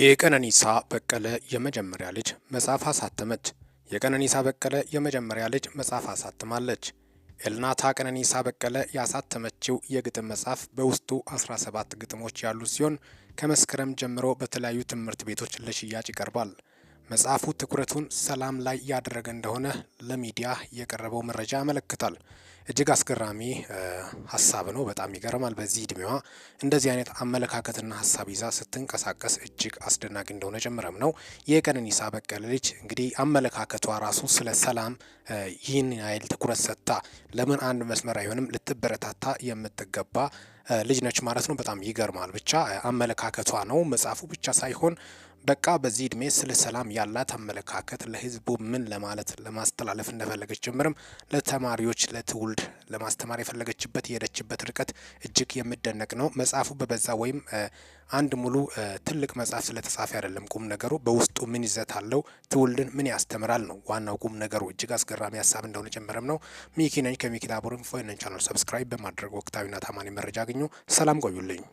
የቀነኒሳ በቀለ የመጀመሪያ ልጅ መጽሐፍ አሳተመች። የቀነኒሳ በቀለ የመጀመሪያ ልጅ መጽሐፍ አሳትማለች። ኤልናታ ቀነኒሳ በቀለ ያሳተመችው የግጥም መጽሐፍ በውስጡ 17 ግጥሞች ያሉት ሲሆን ከመስከረም ጀምሮ በተለያዩ ትምህርት ቤቶች ለሽያጭ ይቀርባል። መጽሐፉ ትኩረቱን ሰላም ላይ ያደረገ እንደሆነ ለሚዲያ የቀረበው መረጃ ያመለክታል። እጅግ አስገራሚ ሀሳብ ነው። በጣም ይገርማል። በዚህ እድሜዋ እንደዚህ አይነት አመለካከትና ሀሳብ ይዛ ስትንቀሳቀስ እጅግ አስደናቂ እንደሆነ ጀምረም ነው። የቀነኒሳ በቀለ ልጅ እንግዲህ አመለካከቷ ራሱ ስለ ሰላም ይህን ያህል ትኩረት ሰጥታ ለምን አንድ መስመር አይሆንም ልትበረታታ የምትገባ ልጅ ነች ማለት ነው። በጣም ይገርማል። ብቻ አመለካከቷ ነው መጽሐፉ ብቻ ሳይሆን በቃ በዚህ እድሜ ስለ ሰላም ያላት አመለካከት ለህዝቡ ምን ለማለት ለማስተላለፍ እንደፈለገች ጭምርም ለተማሪዎች ለትውልድ ለማስተማር የፈለገችበት የሄደችበት ርቀት እጅግ የሚደነቅ ነው። መጽሐፉ በበዛ ወይም አንድ ሙሉ ትልቅ መጽሐፍ ስለተጻፈ አይደለም። ቁም ነገሩ በውስጡ ምን ይዘት አለው፣ ትውልድን ምን ያስተምራል ነው ዋናው ቁም ነገሩ። እጅግ አስገራሚ ሀሳብ እንደሆነ ጨምረም ነው። ሚኪ ነኝ ከሚኪ ላቦር ቻናል ሰብስክራይብ በማድረግ ወቅታዊና ታማኒ መረጃ አግኙ። ሰላም ቆዩልኝ።